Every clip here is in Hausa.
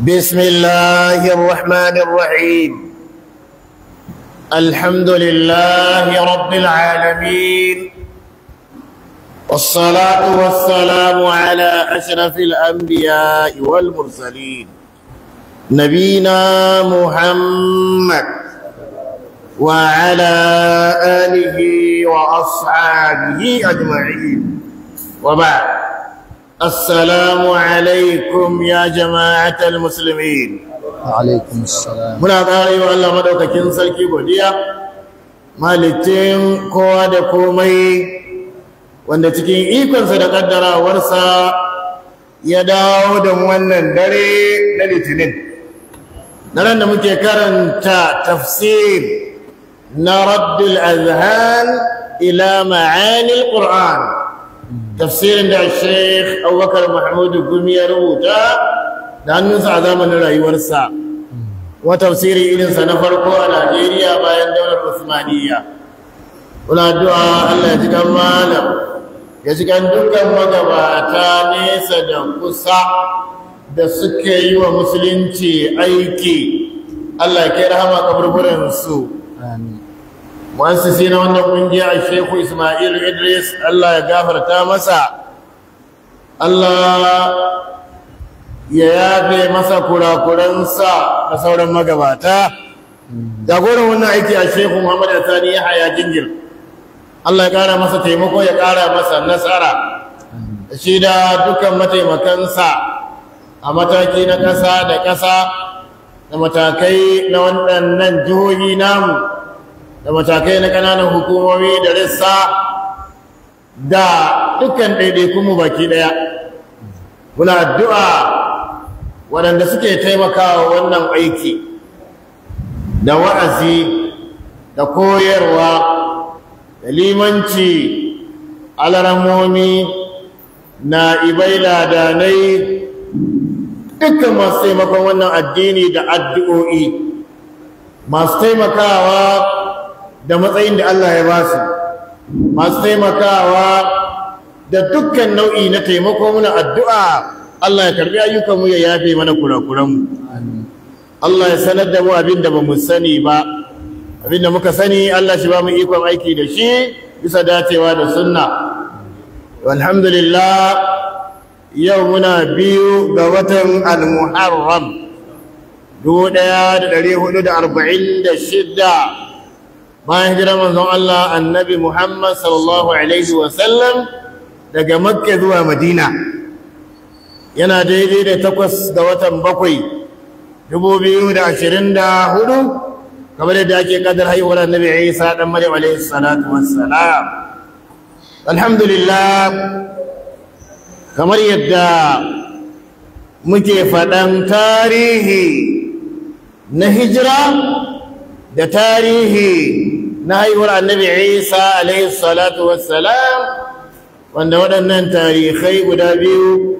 بسم الله الرحمن الرحيم الحمد لله رب العالمين والصلاة والسلام على أشرف الأنبياء والمرسلين نبينا محمد وعلى آله وأصحابه أجمعين وبعد السلام عليكم يا جماعة المسلمين عليكم السلام muna ƙari wa Allah madaukakin sarki godiya malitin kowa da komai wanda cikin ikonsa da ƙaddarawarsa ya dawo da wannan dare na litinin daren da muke karanta tafsir na raddul azhan ila ma'anil qur'an tafsirin da sheikh abubakar mahmudu gumi ya rubuta da hannunsa a zamanin rayuwarsa wa tafsirin irinsa na farko a najeriya bayan daular usmaniya muna addu'a allah ya ji kan malam ya ji kan dukkan magabata nesa da kusa da suke yi wa musulunci aiki allah ya kai rahama kaburburansu amin muassisi na wannan kungiya Sheikh Ismail Idris Allah ya gafarta masa Allah ya yafe masa kurakuransa da sauran magabata jagoran wannan aiki a Sheikh Muhammad ya Yahaya Jingir Allah ya kara masa taimako ya kara masa nasara shi da dukkan mataimakansa a mataki na ƙasa da ƙasa da matakai na waɗannan jihohi namu da matakai na ƙananan hukumomi da rissa da dukkan ɗaiɗaikunmu baki ɗaya muna addu'a waɗanda suke taimakawa wannan aiki da wa'azi da koyarwa da limanci alaramomi na ibai ladanai dukkan masu taimakon wannan addini da addu'o'i masu taimakawa da matsayin da Allah ya ba su masu taimakawa da dukkan nau'i na taimako muna addu'a Allah ya karbi ayyukanmu ya yafe mana kurakuranmu Allah ya sanar da mu abin da ba mu sani ba abin da muka sani Allah shi ba mu ikon aiki da shi bisa dacewa da sunna alhamdulillah yau muna biyu ga watan al-muharram shida. bayan hijira manzon Allah annabi Muhammad sallallahu alaihi wa sallam daga Makka zuwa Madina yana daidai da takwas da watan bakwai dubu biyu da ashirin da hudu kamar yadda ake kadar haihuwar annabi Isa dan Maryam alaihi salatu wassalam alhamdulillah kamar yadda muke fadan tarihi na hijira da tarihi na haihuwar annabi isa alaihi salatu wassalam wanda waɗannan tarihai guda biyu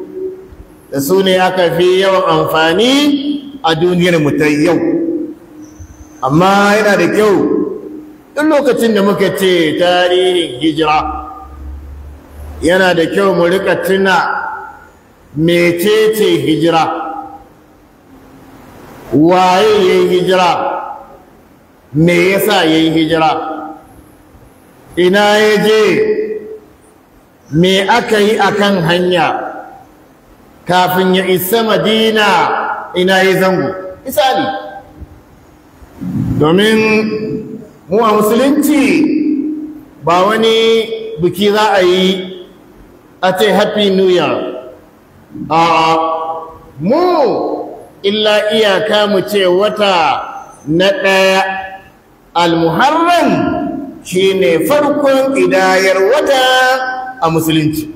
da su ne aka fi yawan amfani a duniyar mu ta yau amma yana da kyau duk lokacin da muka ce tarihin hijira yana da kyau mu rika tuna mecece hijira waye yin hijira me yasa yayi hijira ina ya je me aka yi a kan hanya kafin ya isa madina ina ya zango misali domin muwa musulunci ba wani biki za a yi a ce happy new year a mu illa iyaka mu ce wata na ɗaya al-muharram shine farkon idayar wata a musulunci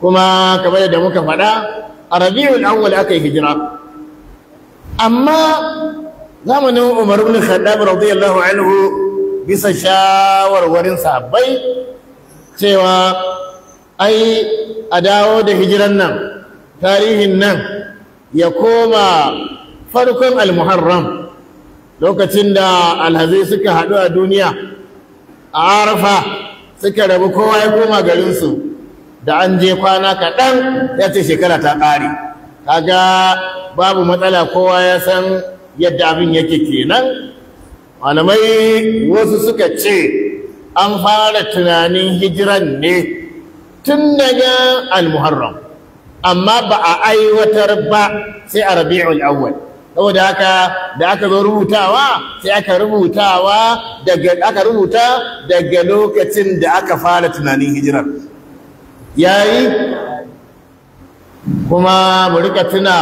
kuma kamar da muka faɗa a rabiul awwal aka yi hijira amma zamanin Umar ibn Khattab radiyallahu anhu bisa shawarwarin sahabbai cewa ai a dawo da hijiran nan tarihin nan ya koma farkon al-muharram lokacin da alhazai suka haɗu a duniya a arafa suka rabu kowa ya koma garinsu da an je kwana kaɗan ya ce shekara ta ƙare kaga babu matsala kowa ya san yadda abin yake kenan malamai wasu suka ce an fara tunanin hijiran ne tun daga almuharram amma ba a aiwatar ba sai a rabi'ul awwal saboda haka da aka zo rubutawa sai aka rubutawa daga aka rubuta daga lokacin da aka fara tunanin hijira yayi kuma mu rika tuna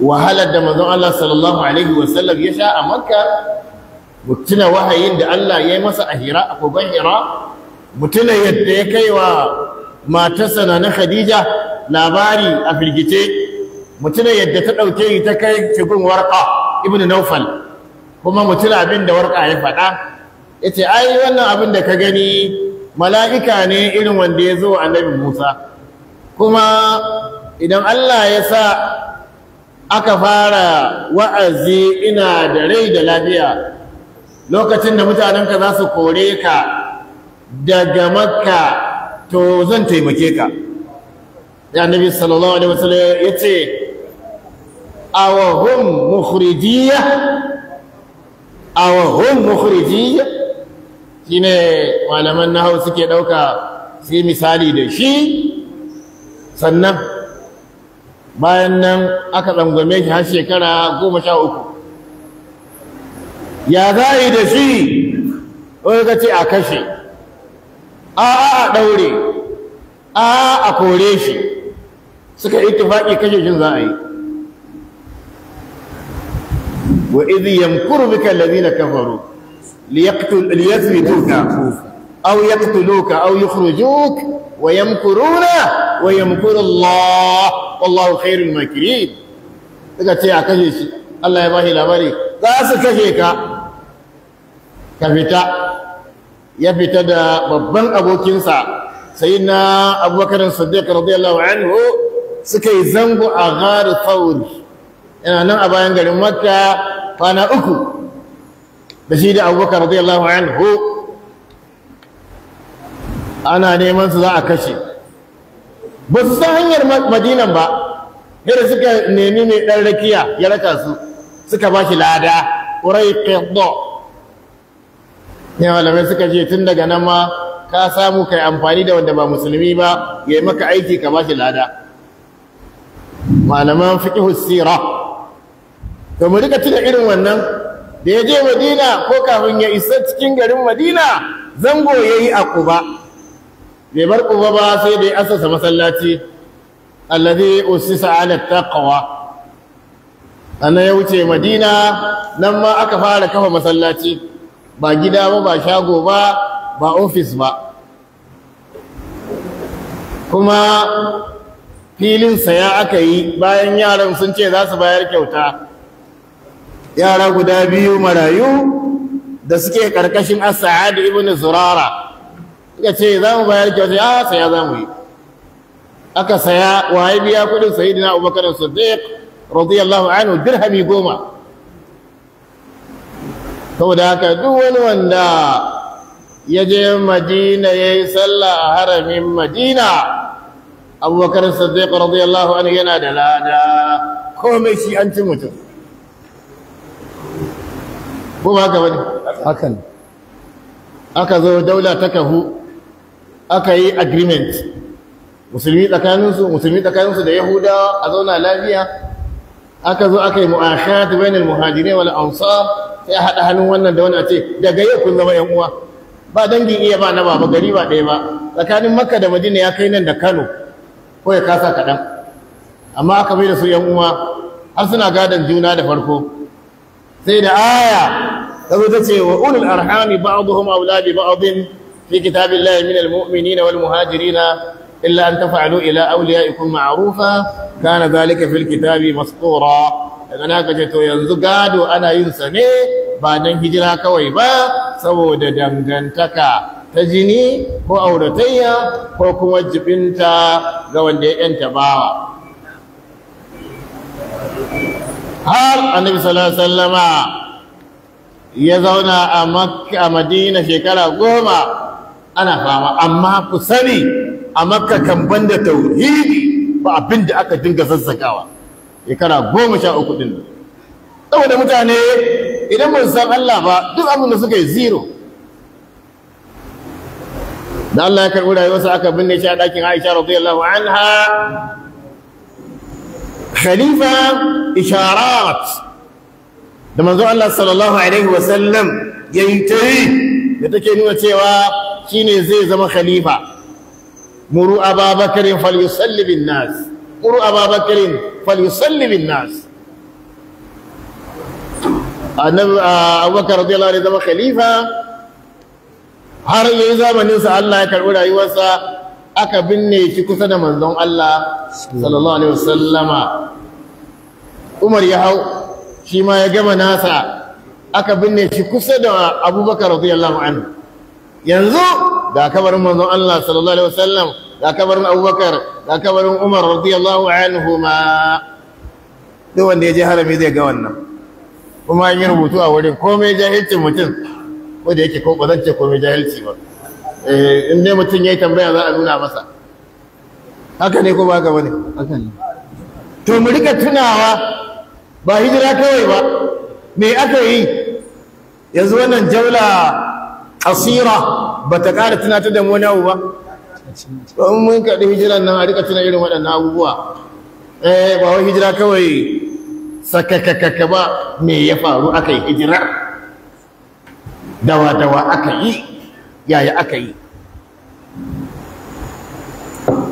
wahalar da manzon Allah sallallahu alaihi wasallam ya sha a Makka mu tuna wahayin da Allah ya yi masa a Hira a kogon Hira mu tuna yadda ya kai wa matarsa na Khadija labari a firgice mutuna yadda ta ɗauke yi ta kai cikin warƙa ibn naufal kuma mutuna abin da warƙa ya faɗa ya ce ai wannan abin da ka gani mala'ika ne irin wanda ya zo annabi musa kuma idan allah ya sa aka fara wa'azi ina da rai da lafiya lokacin da mutanenka za su kore ka daga makka to zan taimake ka ya nabi sallallahu alaihi wasallam ya awahum mukhrijiyya awahum mukhrijiyya shine malaman ke suke dauka yi misali da shi sannan bayan nan aka tsangwame shi har shekara goma sha uku ya za yi da shi wani ka ce a kashe a a ɗaure a a kore shi suka yi tufaƙi kashe shi za a yi wa idh yamkuru bika alladhina kafaru liyaqtul liyathbituka aw yaqtuluka aw yukhrijuk wa yamkuruna wa yamkuru Allah wallahu khairul daga ce a kashe shi Allah ya bashi labari za su kashe ka ka fita ya fita da babban abokinsa sayyidina Abubakar Siddiq radiyallahu anhu suka zango a gharu thawr yana nan a bayan garin makka kwana uku da shi da abubakar radiyallahu anhu ana neman su za a kashe ba su san hanyar madinan ba yadda suka nemi mai ɗan rakiya ya raka su suka ba shi lada ƙurai ƙirɗo ne malamai suka ce tun daga nan ma ka samu kai amfani da wanda ba musulmi ba ya yi maka aiki ka ba shi lada malaman fiƙihus to mu rika tuna irin wannan da ya je madina ko kafin ya isa cikin garin madina zango ya yi a kuba bai bar kuba ba sai da ya asasa masallaci allazi usisa ala taqwa annan ya wuce madina nan ma aka fara kafa masallaci ba gida ba ba shago ba ba ofis ba kuma filinsa ya aka yi bayan yaran sun ce za su bayar kyauta yara guda biyu marayu da suke karkashin as-sa'ad ibn zurara suka ce za mu bayar kyauta ya saya za mu yi aka saya waye biya kudin sayyidina abubakar as-siddiq radiyallahu anhu dirhami goma saboda haka duk wani wanda ya je madina ya yi sallah a haramin madina abubakar siddiq radiyallahu anhu yana da lada komai shi an ci mutum ko ba haka bane hakan aka zo daula ta kahu aka yi agreement musulmi tsakaninsu musulmi tsakaninsu da yahudawa a zauna lafiya aka zo aka yi mu'ashat bainal muhajirin wal ansar sai a haɗa hannun wannan da wannan ce daga yau kun zama yan uwa ba dangin iya ba na baba gari ba ɗaya ba tsakanin makka da madina ya kai nan da kano ko ya kasa kaɗan amma aka bai da su yan uwa har suna gadon juna da farko sai da aya ta ta ce wa ulul arhami ba'dhum awla bi ba'dhin fi kitabillahi min almu'minina wal muhajirina illa an taf'alu ila awliyaikum ma'rufa kana zalika fil kitabi masqura daga naka ce to yanzu gado ana yin sa ne ba dan hijira kawai ba saboda dangantaka ta jini ko auratayya ko kuma jibinta ga wanda ya yanta bawa har annabi sallallahu alaihi wasallama ya zauna a makka madina shekara goma ana fama amma ku sani a makka kan banda tauhidi ba abin da aka dinga zazzagawa shekara goma sha uku din saboda mutane idan ba su san Allah ba duk abin da suka yi zero da Allah ya karɓi rayuwarsa aka binne shi a ɗakin Aisha radiyallahu anha khalifa isharat da manzo Allah sallallahu alaihi wasallam ya yi ta da take nuna cewa shine zai zama khalifa muru Ababakar falyusalli bin nas muru bin nas annabi abubakar radiyallahu anhu zama khalifa har yayi zamanin sa Allah ya karbi rayuwarsa aka binne shi kusa da manzon Allah sallallahu alaihi wasallama Umar ya hau shi ma ya gama nasa aka binne shi kusa da Abubakar radiyallahu anhu yanzu ga kabarin manzon Allah sallallahu alaihi wasallam ga kabarin Abubakar ga kabarin Umar radiyallahu anhuma duk wanda ya je harami zai ga wannan kuma an yi rubutu a wurin komai jahilcin mutum ko da yake ko ba zan ce komai jahilci ba Eh, in ne mutum ya yi tambaya za a nuna masa haka ne ko ba haka ne. to mu rika tunawa ba hijira kawai ba me aka yi yanzu wannan jaula asira ba ta ƙara tunatar da mu wani abu ba in mun kaɗi hijiran nan a rika tuna irin waɗannan abubuwa eh ba wai hijira kawai sakakakaka ba me ya faru aka yi hijira dawa-dawa aka yi yaya aka yi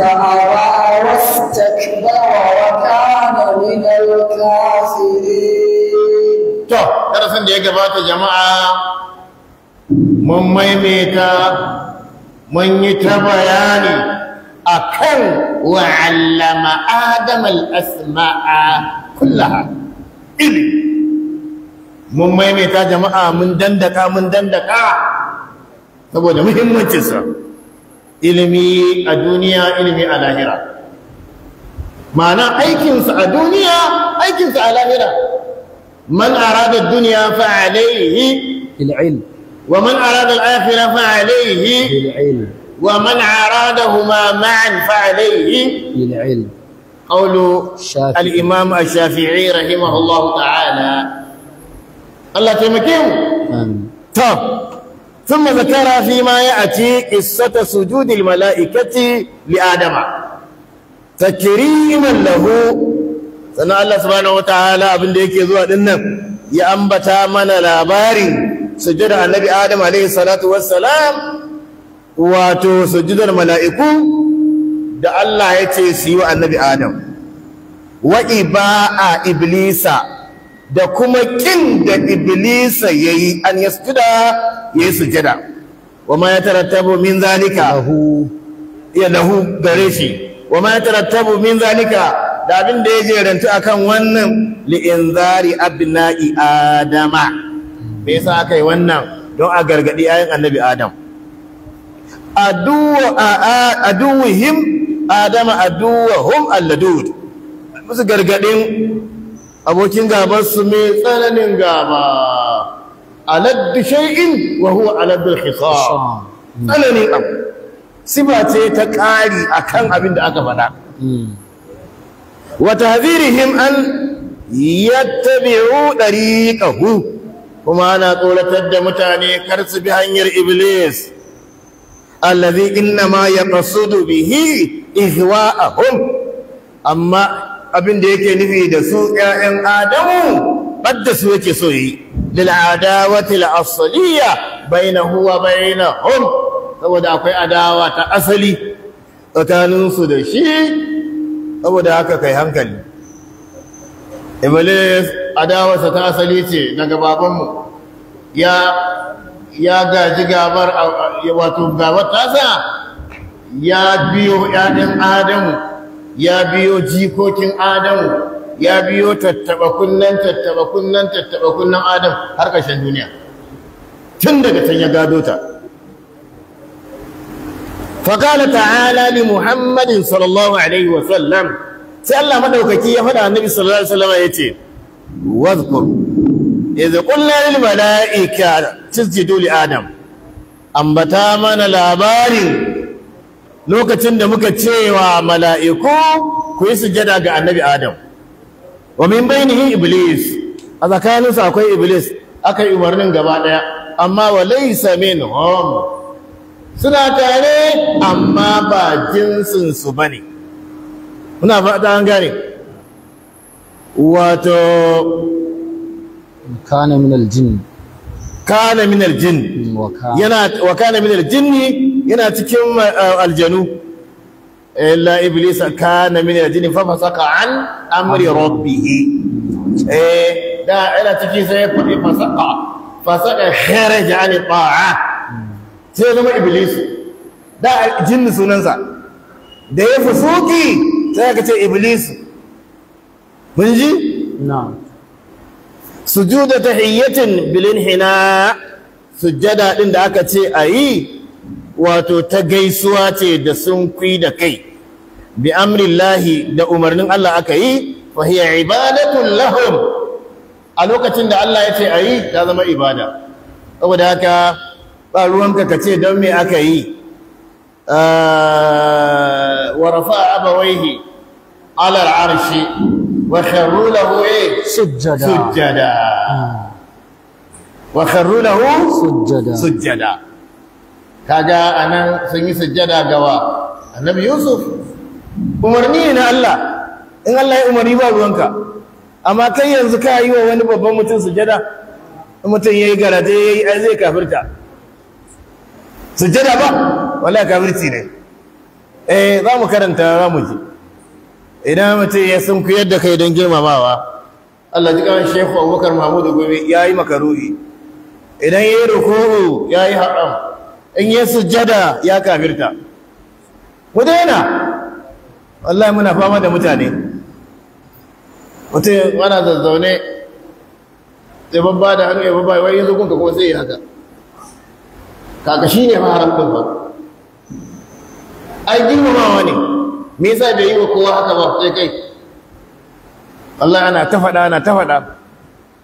استسعى واستكبر وكان من الكافرين to darasin da ya gabata jama'a mun maimaita mun yi ta bayani akan wa'allama adam al-asma'a mun maimaita jama'a mun dandaka mun dandaka saboda muhimmancinsa ilimi a duniya ilimi a lahira ma'ana aikinsa a duniya aikinsa a lahira man arada duniya fa alaihi il'il wa man arada al'afira fa alaihi il'il wa man aradahuma ma'an fa alaihi il'il قول الإمام الشافعي رحمه الله تعالى الله تمكين آمين Ta. ثم ذكر فيما يأتي قصة سجود الملائكة لآدم تكريما له سنة الله سبحانه وتعالى أبن ديك يزوى لنا يأنبتا من لاباري سجد النبي آدم عليه الصلاة والسلام واتو سجد الملائكة da Allah ya ce su yi wa annabi Adam wa iba'a iblisa da kuma kin da iblisa yayi an yasjuda Yesu sujada wa ma tarattabu min zalika ya lahu gare shi wa ma tarattabu min zalika da abin da ya rantu akan wannan inzari abna'i adama me yasa aka yi wannan don a gargadi ayin annabi adam aduwahim adama aduwahum alladud musu gargadin abokin gabansu mai tsananin gaba aladdu shai'in wa huwa aladdu khisam tsananin abu sifa ce ta ƙari akan abin da aka faɗa wa tahdhirihim an yattabi'u dariqahu kuma ana tsoratar da mutane kar su bi hanyar iblis alladhi inna ma yaqsudu bihi ihwa'ahum amma abin da yake nufi da su ƴaƴan adamu badda su yake so yi lil adawati al asliya bainahu wa bainahum saboda akwai adawa ta asali tsakanin su da shi saboda haka kai hankali iblis adawarsa ta asali ce daga babanmu ya ya gaji gabar wato gabar tasa ya biyo ƴaƴan adamu ya biyo jikokin adamu ya biyo tattaba kunnan tattaba kunnan tattaba kunnan Adamu har ƙarshen duniya tun daga can ya gado ta faƙala ta'ala li muhammadin sallallahu alaihi wa sallam sai Allah madaukaki ya faɗa annabi sallallahu alaihi wa sallam ya ce wazkur idh qulna lil mala'ika tasjudu li adam ambata mana labarin lokacin da muka cewa mala'iku ku yi sujada ga annabi adam wa min bainihi iblis a tsakaninsu akwai iblis aka yi umarnin gaba ɗaya amma wa laysa hom suna tare amma ba jinsinsu ba ne. muna fata an gane wato kane min aljin kane min aljin wa kane min aljinni yana cikin uh, aljanu illa eh, iblis kana min aljin fa fasaka an amri rabbih eh da yana cikin sai fadi fasaka fasaka kharaja an ta'a sai zama iblis da jin sunansa da ya fusuki sai ka ce iblis mun ji na'am sujuda tahiyyatin bil inhina sujada din da aka ce ayi wato ta gaisuwa ce da sun kwi da kai bi amrillahi da umarnin Allah aka yi fa hiya ibadatun lahum a lokacin da Allah ya ce a yi ta zama ibada saboda haka ba ruwanka ka ce don me aka yi ah, wa rafa'a abawaihi ala al'arshi wa kharru lahu eh? sujjada sujjada ah. wa kharru lahu sujjada sujjada kaga anan sun yi sujjada gawa annabi yusuf umarni na Allah in Allah ya umarni ba ruwanka amma kai yanzu ka yi wa wani babban mutum sujjada mutum yayi garata yayi ai zai kafirta sujjada ba wallahi kafirci ne eh za mu karanta za mu ji idan mutum ya sunkuyar yadda kai don girmamawa Allah ji kawai Sheikh Abubakar Mahmud Gumi yayi makaruhi idan yayi ruku'u yayi haram in ya sujjada ya kafirta ku daina wallahi muna fama da mutane mutum ana zazzaune sai babba da hannu ya babba wai yanzu kunka kuma sai yi haka kaka shi ne fa haram din ba ai girmamawa ne me yasa da yi wa kowa haka ba sai kai wallahi ana ta faɗa ana ta faɗa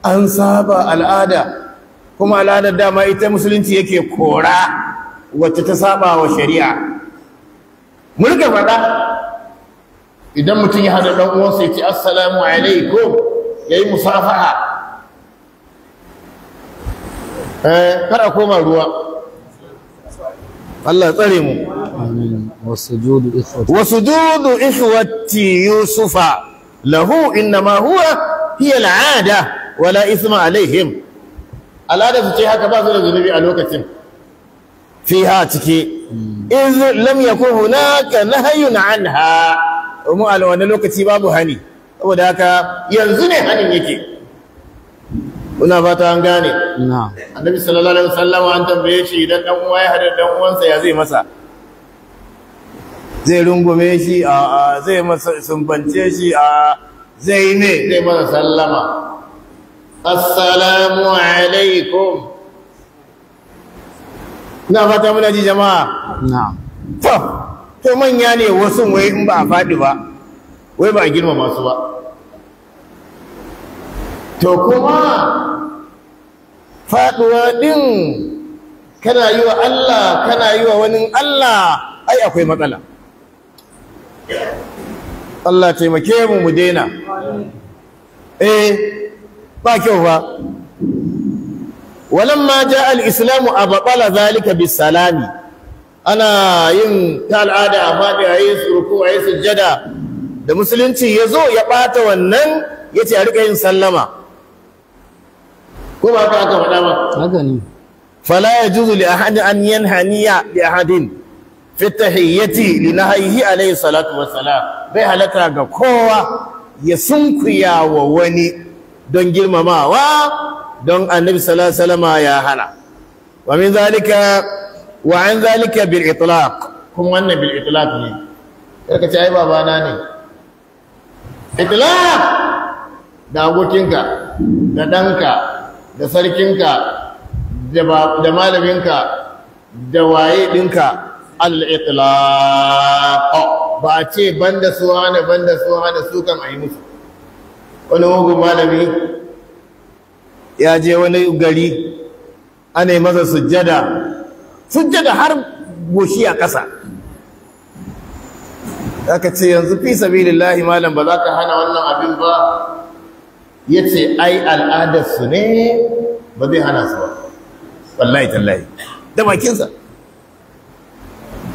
an saba al'ada kuma al'adar dama ita musulunci yake kora wacce ta saba wa shari'a mu ga faɗa idan mutum ya haɗa ɗan uwansa ya ce assalamu alaikum ya yi musafaha eh, kar a koma ruwa Allah tsare mu wasu judu ikhwati yusufa lahu innama huwa hiya al'ada wala isma alaihim al'ada su ce haka ba su da zunubi a lokacin fiha ciki iz lam yakun hunaka nahyun anha mu a wani lokaci babu hani saboda haka yanzu ne hanin yake kuna fata an gane annabi sallallahu alaihi wasallam an tambaye shi idan dan uwa ya hada dan uwansa ya zai masa zai rungume shi a zai masa sumbance shi a zai ne zai masa sallama assalamu alaikum ina fata muna ji jama'a na'am to to manya ne wasu wai in ba a faɗi ba wai ba a girmama su ba to kuma faɗuwa ɗin kana yi wa Allah kana yi wa wani Allah ai akwai matsala Allah taimake mu mu daina eh ba kyau ba walamma ja al-islamu abqala zalika bisalami ana yin ta al'ada a faɗi a yi ruku a yi sujjada da musulunci ya zo ya ɓata wannan ya ce a riƙa yin sallama ko ba ka aka faɗa ba fala ya juzu li ahadin an yanhaniya li ahadin fi tahiyyati li nahyihi alayhi salatu wa bai halarta ga kowa ya sunkuya wa wani don girmamawa don annabi sallallahu ya hana wa min zalika wa an zalika bil itlaq kuma wannan bil itlaq ne karka ce ai babana ne itlaq da abokinka da danka da sarkinka da malaminka da waye dinka al'itlaƙo ba a ce banda su hana banda su hana su kan a yi musu wani mugun malami ya je wani gari ana yi masa sujjada sujjada har goshi a ƙasa aka ce yanzu fi sabilillahi malam ba za ka hana wannan abin ba ya ce ai al'adarsu ne ba zai hana su ba wallahi tallahi da bakinsa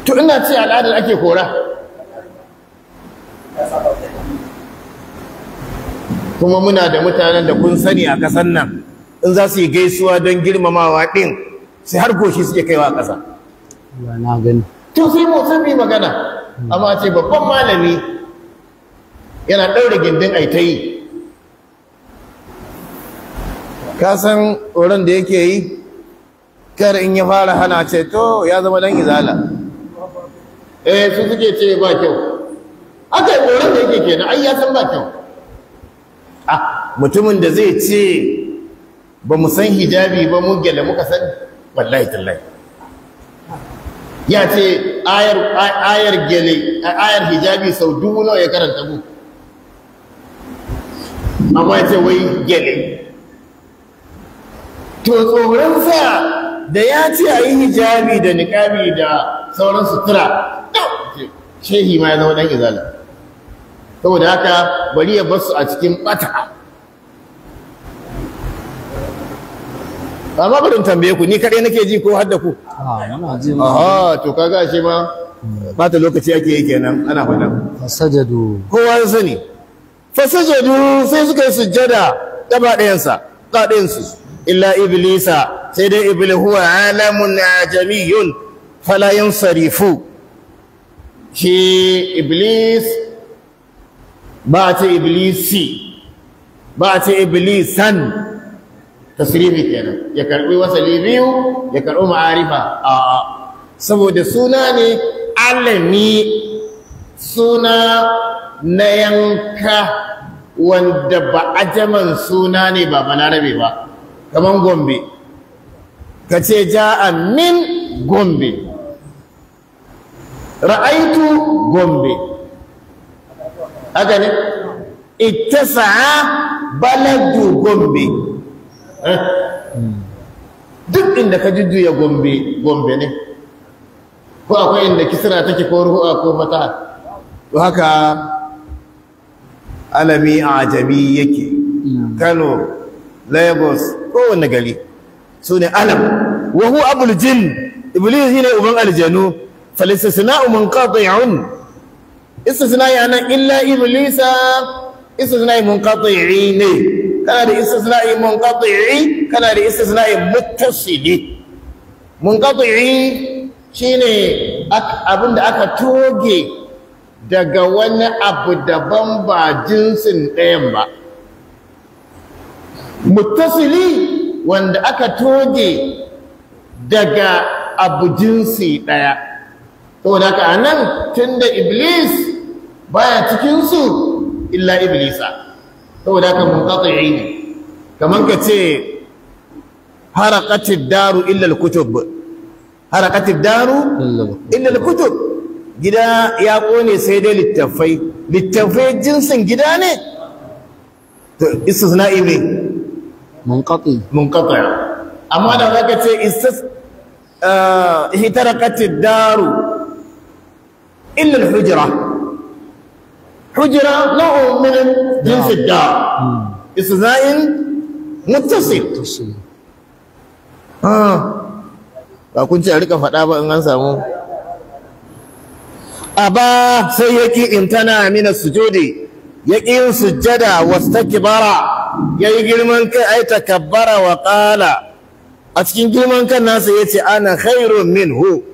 to ina ce al'adar ake kora kuma muna da mutanen da kun sani a ƙasar nan in za su yi gaisuwa don girmamawa ɗin sai har goshi suke kaiwa a ƙasa na gani to sai mu sun magana amma ce babban malami yana ɗaure gindin ai ta yi ka san wurin da yake yi kar in ya fara hana ce to ya zama dan izala eh su suke ce ba kyau aka yi wurin da yake kenan ai ya san ba kyau ah mutumin da zai ce ba mu san hijabi ba mu gyale muka san wallahi tallahi ya ce ayar ayar gele ayar hijabi sau dubu nawa ya karanta mu amma ya ce wai gele to tsoron sa da ya ce a hijabi da niƙabi da sauran sutura shehi ma ya zama dan izala saboda haka bari ya basu a cikin ɓata amma bari in tambaye ku ni kaɗai nake ji ko har da ku ah, aha to ka shi ma bata lokaci ake yi kenan ana fada fasajadu kowa ya sani fasajadu sai suka yi sujjada gaba ɗayansa ga illa iblisa sai dai iblis huwa alamun ajamiyun fala yansarifu shi iblis ba ta iblisi ba ta iblisan tasrifi kenan ya karbi wasali biyu ya karbi ma'arifa a saboda suna ne alami suna na yanka wanda ba ajaman suna ne ba balarabe ba Kamar gombe ka ce ja'a min gombe ra'aitu gombe haka ne sa'a baladu gombe Eh? duk inda ka jujjuya gombe gombe ne ko akwai inda kisira take ko ruwa ko mata, ko haka alami a ajami yake kano lagos kowane gari su ne alam wahu hu abul jin iblis ne uban aljanu falistisna'u munqati'un istisna yana illa iblisa istisna'i yi ne kana da istisna'i munqati'i kana da istisna'i muttasili munqati'i shine abin da aka toge daga wani abu daban ba jinsin ɗayan ba muttasili wanda aka toge daga abu jinsi ɗaya to ka nan tun tunda iblis baya cikinsu illa iblisa saboda ka munqati'i ne kaman ka ce harakatid daru illa alkutub kutub harakatid daru illa alkutub gida ya kone sai dai littafai littafai jinsin gida ne to istisna'i ne munqati munqati amma da zaka ce istis eh, hitaraqatid daru illa alhujra hujira lahu min jinsi da isna'in muttasil ah ba kun ce a rika faɗa ba in an samu aba sai yaki in tana mina sujudi yaki yin sujjada wastakbara yayi girman kai ai takabbara wa qala a cikin girman kan nasa ce ana khairun minhu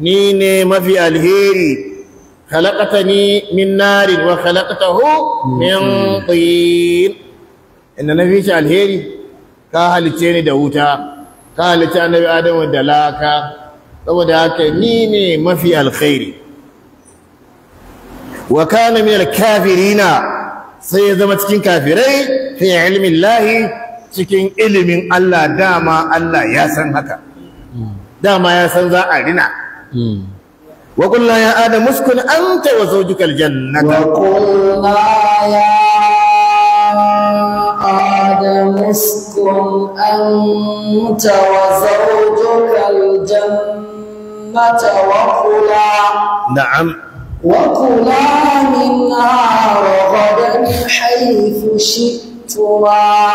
ni ne mafi alheri خلقتني من نار وخلقته من طين ان النبي صلى الله عليه كهلتني دوتا كهلت النبي ادم ودلاكا saboda haka ni ne mafi alkhairi wa kana kafirina sai ya zama cikin kafirai fi ilmi Allah cikin ilimin Allah dama Allah ya san haka dama ya san za a rina وقلنا يا آدم اسكن أنت وزوجك الجنة وقلنا يا آدم اسكن أنت وزوجك الجنة وكلا نعم وكلا منها رغدا حيث شئتما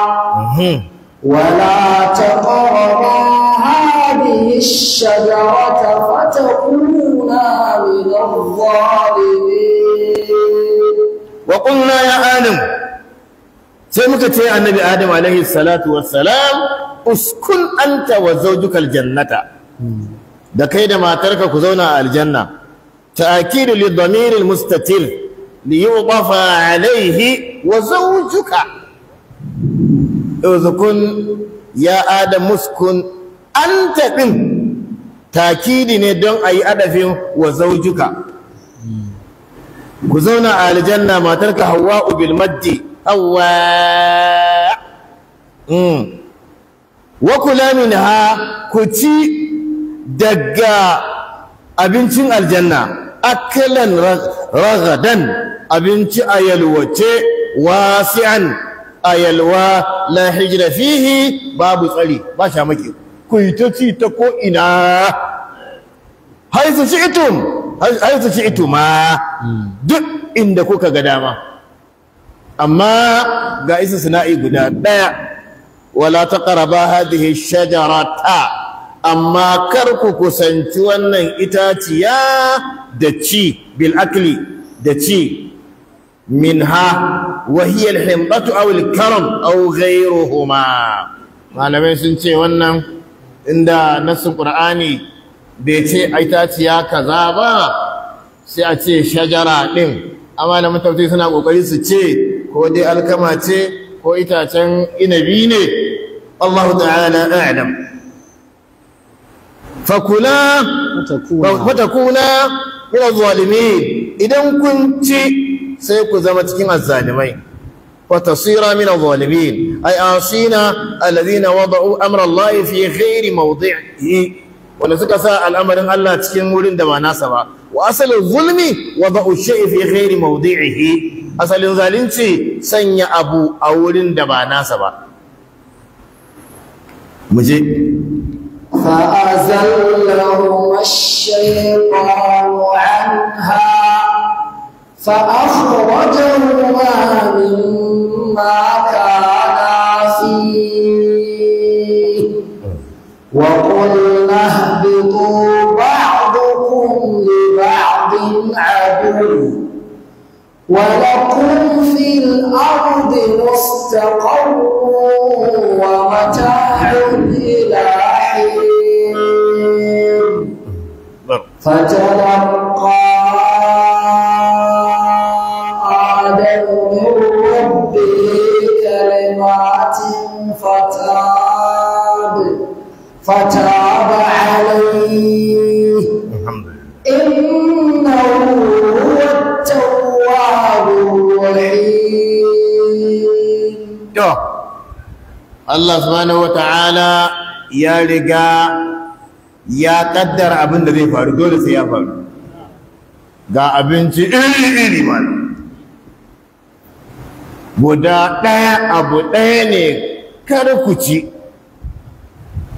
ولا تقربا هذه الشجرة فتكونا wa ƙunna ya adam sai muka ce annabi adam alaihi salatu wassalam uskun anta wa zaujukal jannata da kai da matarka ku zauna a aljanna ta'kidu li dhamir al mustatir li alaihi wa uskun ya adam uskun anta din takidi ne don a yi adafin wa zaujuka ku zauna a aljanna matarka Hauwa bil maddi hawa mm. wa kula minha ku ci daga abincin aljanna akalan ragadan abinci a yalwace wasi'an a yalwa la hijira fihi babu tsari ba shamaki ku yi ta ci ta ko'ina, haisu ci itum haisu ituma duk inda kuka ga dama amma ga isa sana'i guda daya wala taqraba hadhihi shajarata amma kar ku kusanci wannan itaciya da ci bil akli da ci minha وهي الحنطة أو الكرم أو غيرهما malamai sun ce wannan inda nasin ƙur'ani bai ce aitaciya kaza ba sai a ce shajara ɗin. amma da mutautai suna ƙoƙari su ce ko dai alkama ce ko itacen inabi ne Allah ta'ala a'lam fakula fatakuna min az-zalimin idan kun ci sai ku zama cikin azzalimai وتصير من الظالمين أي عاصينا الذين وضعوا أمر الله في غير موضعه wanda suka sa al'amarin Allah cikin wurin da ba nasa ba wa asalin zulmi wa ba'u shay'i fi ghairi mawdi'ihi asalin zalunci sanya abu a wurin da ba nasa ba muje fa azallahu ash-shaytanu anha fa akhrajahu minha ما كان بعضكم لبعض عدو ولكم في الأرض مستقر ومتاع إلى حين فتلقى to Allah subhanahu wata'ala ya riga ya kaddara abin da zai faru dole sai ya faru ga abinci iri-iri ba guda ɗaya abu ɗaya ne karkuci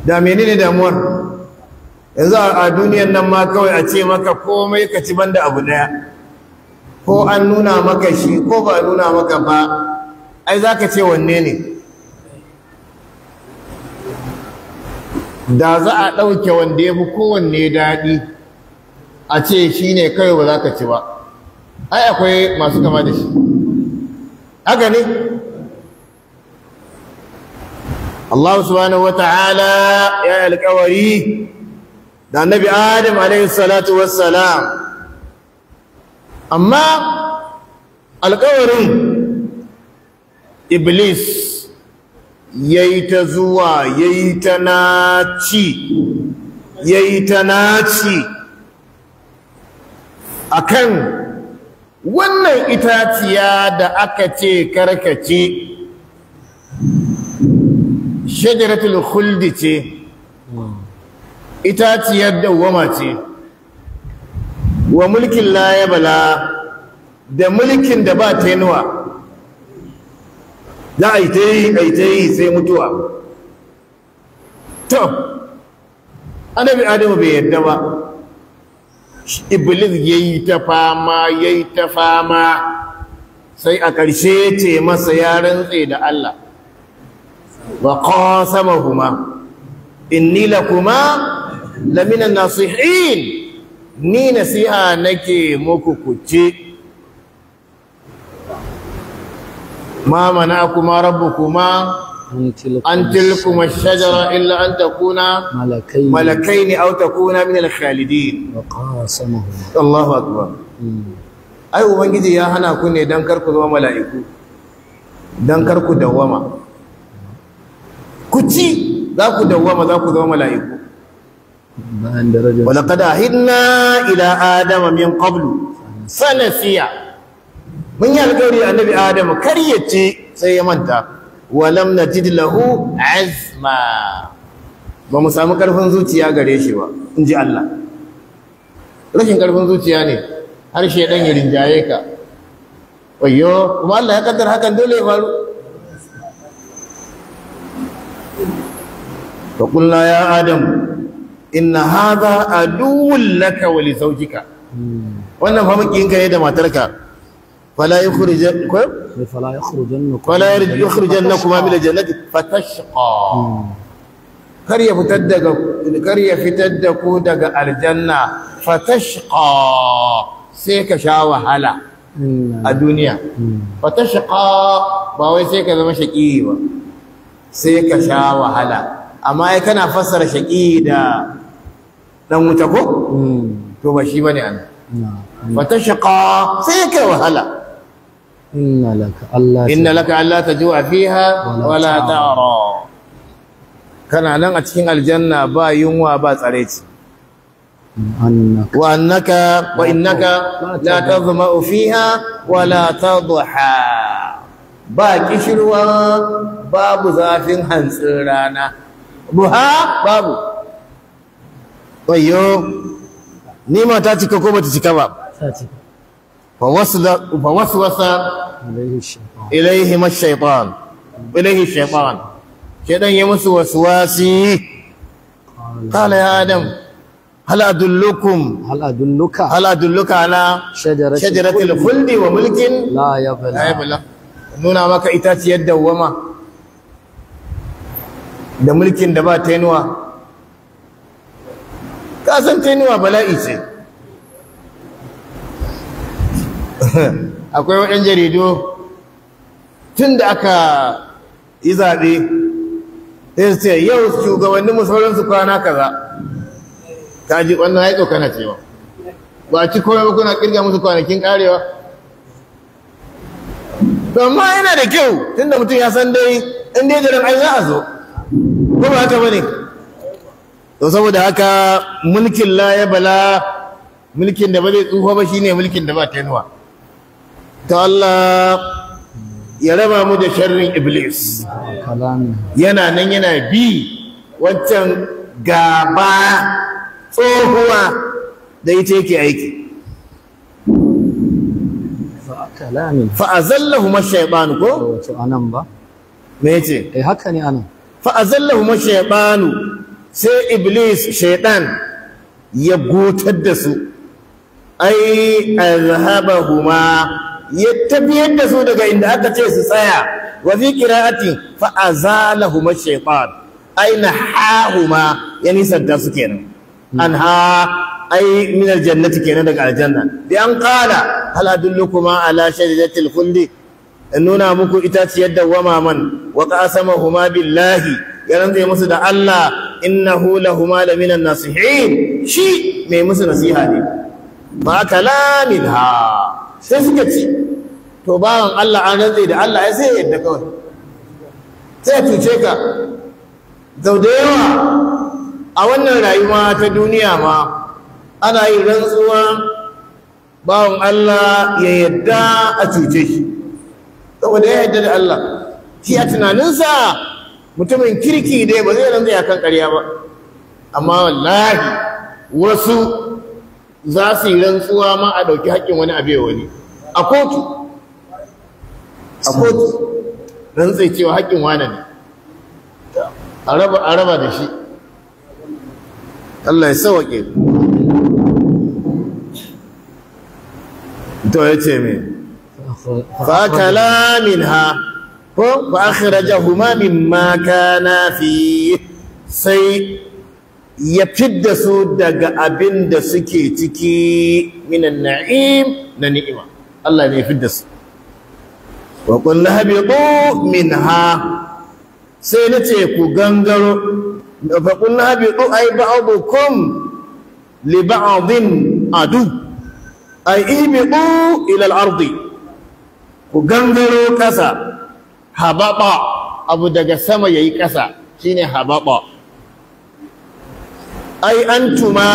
da menene damuwar yanzu a duniyan nan ma kawai a ce maka komai ka ci banda abu ɗaya ko an nuna maka shi ko ba nuna maka ba ai za ka ce wanne ne da za a ɗauke wanda ya fi kowanne daɗi a ce shi ne kawai ba za ka ci ba ai akwai masu kama da shi haka ne Allah subhanahu wata'ala ya yi alkawari da annabi Adam alaihi salatu wassalam amma alkawarin iblis ya yi ta zuwa ya yi ta naci yi ta naci kan wannan itaciya da aka ce karkace shajaratul khuldi ce itaciyar dawwama ce wa mulkin laye Bala da mulkin da ba ta nuwa? za a yi ta yi a yi ta yi sai mutuwa to annabi adamu bai yadda ba iblis ya yi ta fama ya yi ta fama sai a ƙarshe ce masa ya rantse da Allah Ba In nila kuma laminan lamina nasihin ni nasiha nake muku kuce ما منعكما ربكما أن تلكما الشجرة إلا أن تكونا ملكين, ملكين أو تكونا من الخالدين وقاسمهما الله أكبر أي وبنجي يا هنا كوني دان كركو دوما ملائكو دان كركو دوما كتي ذاكو دوما ذاكو دوما ملائكو ولقد عهدنا إلى آدم من قبل فنسيه mun yi alƙawari annabi adam kar ya ce sai ya manta walam najid lahu azma ba mu samu ƙarfin zuciya gare shi ba in ji Allah rashin ƙarfin zuciya ne har dan ya rinjaye ka wayo kuma Allah ya kaddar hakan dole ya faru fa qulna ya adam inna hadha aduwwun laka wa li zawjika wannan fa ka ne da matarka فلا يخرج فلا يخرجنكم فلا يخرجنكم من الجنة فتشقى kar ya fitar kar ya fitar da ku daga aljanna fatashqa sai ka sha wahala a duniya fatashqa ba wai sai ka zama shaqi ba sai ka sha wahala amma ai kana fassara shaqi da ko to ba shi an sai ka wahala inna laka Allah inna laka Allah tajua fiha wala ta'ra kana nan a cikin aljanna ba yunwa ba tsareci wa annaka wa innaka la tazma'u fiha wala tadha ba kishirwa babu zafin hantsin rana buha babu wayo ni ma ta cika ko bata cika ba ta cika فوسوس إليهما الشيطان إليه الشيطان شيطان يمس وسواسي قال يا آدم هل أدلكم هل أدلك هل أدلك على شجرة شجرة الخلد وملك لا يبلى لا يبلى nuna maka itaciyar dawwama da mulkin da ba tainuwa ka san tainuwa bala'i ce akwai waɗan jaridu tun da aka yi zaɓe sai ce yau shugabannin musamman su kwana kaza ta ji wannan haiko kana cewa ba a ci kowai ba kuna kirga musu kwanakin karewa amma yana da kyau tun da mutum ya san dai in dai jiran aiza a zo ko ba haka bane to saboda haka mulkin la ya bala mulkin da ba zai tsufa ba shine mulkin da ba ta yanuwa ta Allah ya raba mu da sharrin iblis yana nan yana bi wancan gaba tsohuwa da ita yake aiki fa'azallahu mashaibanu ko? wato anan ba me ce? eh haka ne anan fa'azallahu mashaibanu sai iblis shaidan ya gotar da su ai huma. ya tafiyar da su daga inda aka ce su tsaya wa fi qira'ati fa azalahuma shaytan aina hahuma ya nisanta su kenan anha ai min aljannati kenan daga aljanna bi an qala hal adullukuma ala shajaratil khundi in nuna muku itaciyar dawwama man wa qasamahuma billahi ya rantsa musu da Allah innahu lahuma laminan nasihin shi mai musu nasiha ne ma kalaminha sai suka ci to bawan Allah an rantse da Allah ya sai yadda kawai sai ya cuce ka zau da yawa a wannan rayuwa ta duniya ma ana yin rantsuwa bawan Allah ya yadda a cuce shi saboda ya yadda da Allah shi a tunaninsa mutumin kirki dai ba zai a kan karya ba amma wallahi wasu za su yi rantsuwa ma a ɗauki haƙƙin wani abe wani a kotu a kotu rantsai cewa haƙƙin wane ne a raba da shi Allah ya sauƙe to ya ce mai fakala min ha ko fa akhirajahuma mimma kana fi sai ya fidda su daga abin da suke ciki minan na'im na ni'ima Allah ne ya fidda su wa qul habitu minha sai nace ku gangaro fa qul habitu ay ba'dukum li ba'din adu ay ibitu ila al-ardi ku gangaro kasa hababa abu daga sama yayi kasa shine hababa ai antuma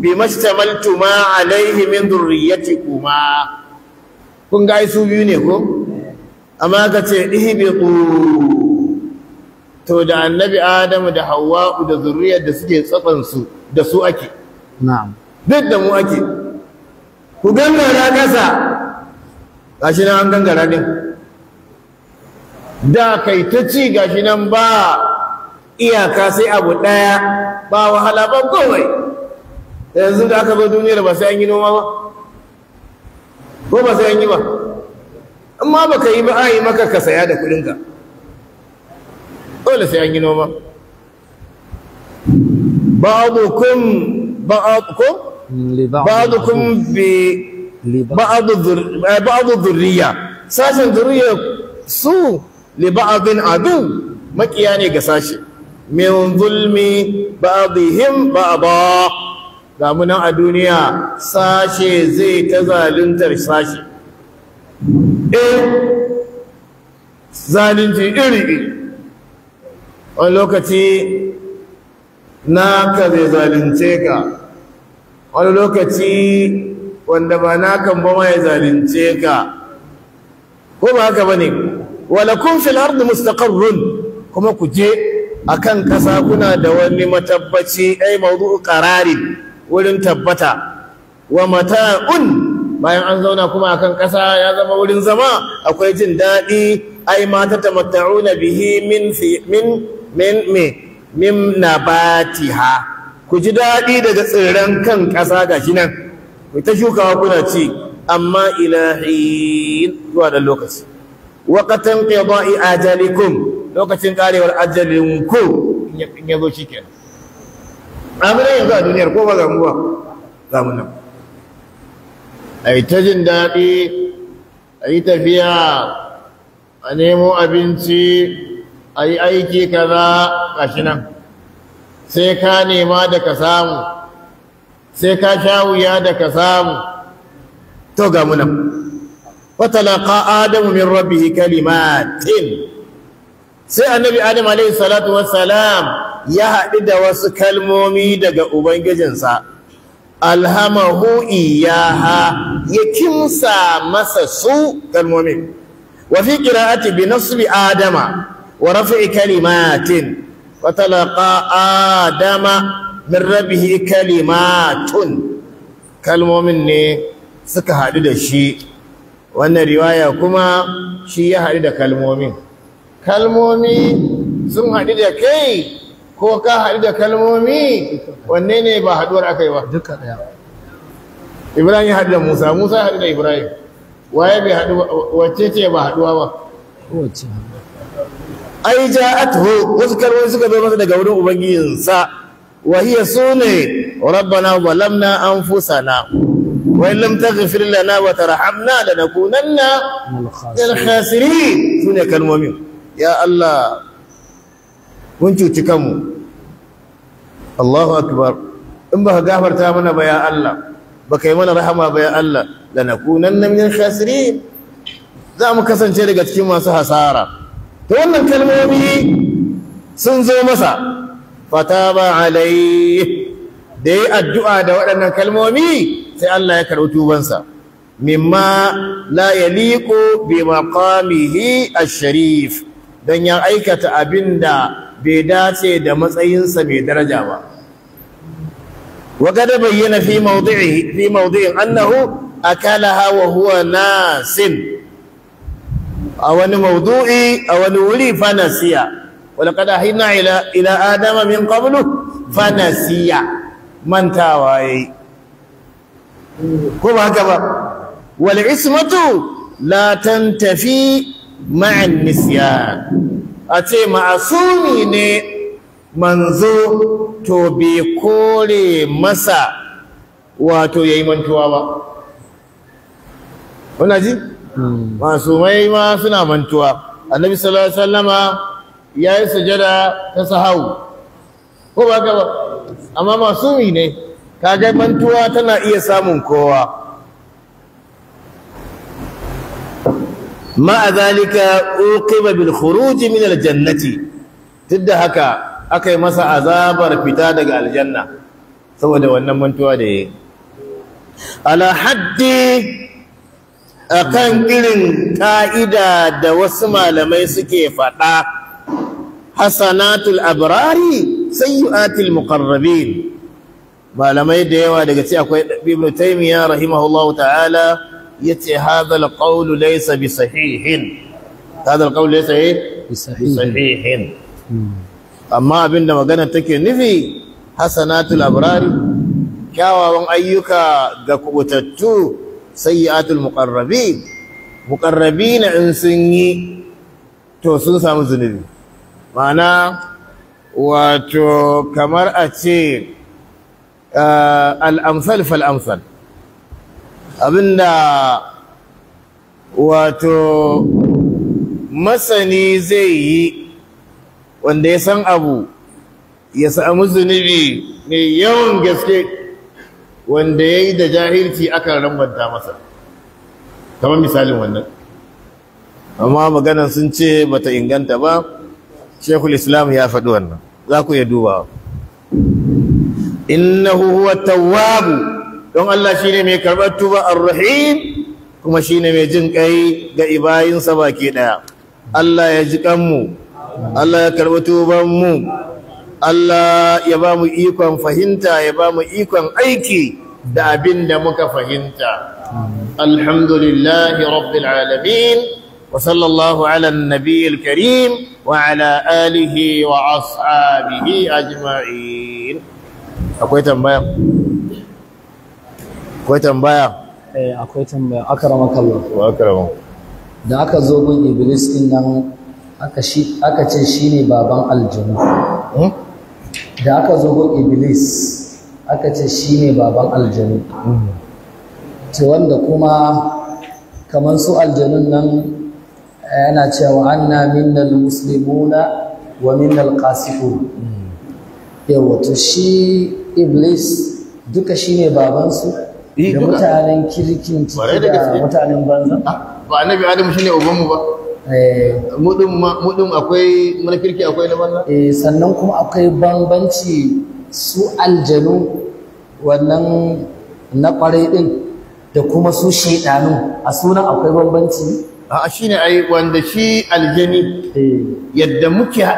bima ishtamaltuma alaihi min dhurriyyatikuma kun ga su biyu ne ko amma ka ce ihbitu to da annabi adamu da hawwa'u da zuriyar da suke tsatsan su da su ake na'am duk da mu ake ku gangara kasa gashi nan an gangara din da kai ta ci gashi nan ba iyaka sai abu ɗaya ba wahala ba kawai yanzu da aka zo duniyar ba sai an yi noma ba ko ba sai an yi ba amma ba ka yi ba a yi maka ka saya da kuɗinka dole sai an yi noma ba ba kun ba abu kun bi abu zurriya eh, sashen zurriya su li abin adu makiya ne ga sashen min zulmi ba'dihim ba'da ba, damuna a duniya sashe zai ta zaluntar sashe eh zalunci iri iri wani lokaci naka zai zalunce ka wani lokaci wanda ba na kan bama ya zalunce ka ko ba haka bane walakum filar ardi mustaqarrun kuma ku je akan kasa kuna da wani matabbaci ai mawdu'u qararin wurin tabbata wa mata'un bayan an zauna kuma akan kasa ya zama wurin zama akwai jin daɗi ai ma na bihi min min min min nabatiha ku ji daɗi daga tsirran kan ƙasa gashi nan ku ta shukawa kuna ci amma ilahi zuwa da lokaci waqatan qida'i ajalikum lokacin karewar ajalin ku in ya zo shi kenan amuran yanzu a duniyar ko ba zamu ba zamu nan a yi ta jin daɗi a yi tafiya a nemo abinci a yi aiki kaza gashi nan sai ka nema da ka samu sai ka sha wuya da ka samu to ga munan fatalaqa adamu min rabbihi kalimatin sai annabi adam alaihi salatu wassalam ya haɗu da wasu kalmomi daga ubangijinsa alhamahu iyaha ya kimsa masa su kalmomi wa fi qira'ati bi nasbi adama wa raf'i kalimatin wa talaqa adama min rabbihi kalimatun kalmomin ne suka haɗu da shi wannan riwaya kuma shi ya haɗu da kalmomin kalmomi sun haɗu da kai ko ka haɗu da kalmomi wanne ne ba haɗuwar aka yi ba duka ɗaya ibrahim ya haɗu da musa musa ya haɗu da ibrahim waye bai haɗu wacce ce ba haɗuwa ba wacce ai ja'atuhu wasu kalmomi suka zo masa daga wurin ubangijinsa wa hiya sune rabbana zalamna anfusana wa in lam taghfir lana wa tarhamna lanakunanna min al-khasirin sune kalmomin ya Allah mun cuci kanmu Allahu akbar in ba gafarta mana ba ya Allah ba kai mana rahama ba ya Allah lanakunanna minal khasirin za mu kasance daga cikin masu hasara to wannan kalmomi sun zo masa fataba alai da yi addu'a da waɗannan kalmomi sai Allah ya karɓi tubansa mimma la yaliqu bi maqamihi ash-sharif Dan ya aikata abin da bai dace da matsayinsa mai daraja ba waka da bayyana fi maudu'in annahu a hawa huwa na sin a wani maudu'i a wani wuri fanasiya wadda kada hina ila adama min kwamnu fanasiya mantawa ya yi kuma haka ba wal ismatu la tantafi tafi ma'an nisyan a ce ma'asumi ne manzo to bi kore masa wato ya yi mantuwa ba wana ji masumai ma suna mantuwa annabi sallallahu alaihi wasallama yi sujada ta sahau ko ba ka ba amma masumi ne kaga mantuwa tana iya samun kowa ma'a zalika uqiba bil khuruj min al duk da haka aka yi masa azabar fita daga aljanna saboda wannan mantuwa da yayi ala haddi akan irin ka'ida da wasu malamai suke faɗa hasanatul abrari sayyi'atul muqarrabin malamai da yawa daga ci akwai ibn taymiya rahimahullahu ta'ala yace hadha alqawl laysa bi eh? sahihin bi sahihin amma abinda magana take nufi hasanatul abrari kyawawan ayyuka ga kubutattu sayyi'atul muqarrabin na in sun yi to sun samu zunubi ma'ana wato kamar a ce ah, al'amsal fal'amsal abinda wato masani zai yi wanda ya san abu ya samu zunubi mai yawan gaske wanda ya yi da jahilci aka rambanta masa kamar misalin wannan amma maganan sun ce bata inganta ba shekul islam ya faɗi wannan za ku iya duba Inna huwa tawwabu don Allah shine mai karɓar tuba ar-rahim kuma shine mai jin kai ga ibayinsa baki ɗaya. Allah ya ji kanmu Allah ya karɓi tuban mu Allah ya ba mu ikon fahimta ya ba mu ikon aiki da abin da muka fahimta alhamdulillahi rabbil alamin wa sallallahu ala nabiyil karim wa ala alihi wa ashabihi ajma'in akwai tambaya akwai tambaya eh akwai tambaya akrama kallo wa akrama da aka zo gun iblis din nan aka shi aka ce shine baban aljanu hmm? da aka zo gun iblis aka ce shine baban aljanu hmm. to wanda kuma kamar su aljanun nan yana cewa anna minnal muslimuna wa minnal qasifun hmm. yawa to shi iblis duka shine babansu Eh, da mutanen kirkin cikin da mutanen banza ah, ba annabi adamu shine uban eh. mu ba mudin akwai na kirki akwai na banza eh, sannan kuma akwai bambanci su aljanu wannan na kwarai din da kuma su shaidanu a sunan akwai bambanci a shine ai wanda shi aljani yadda muke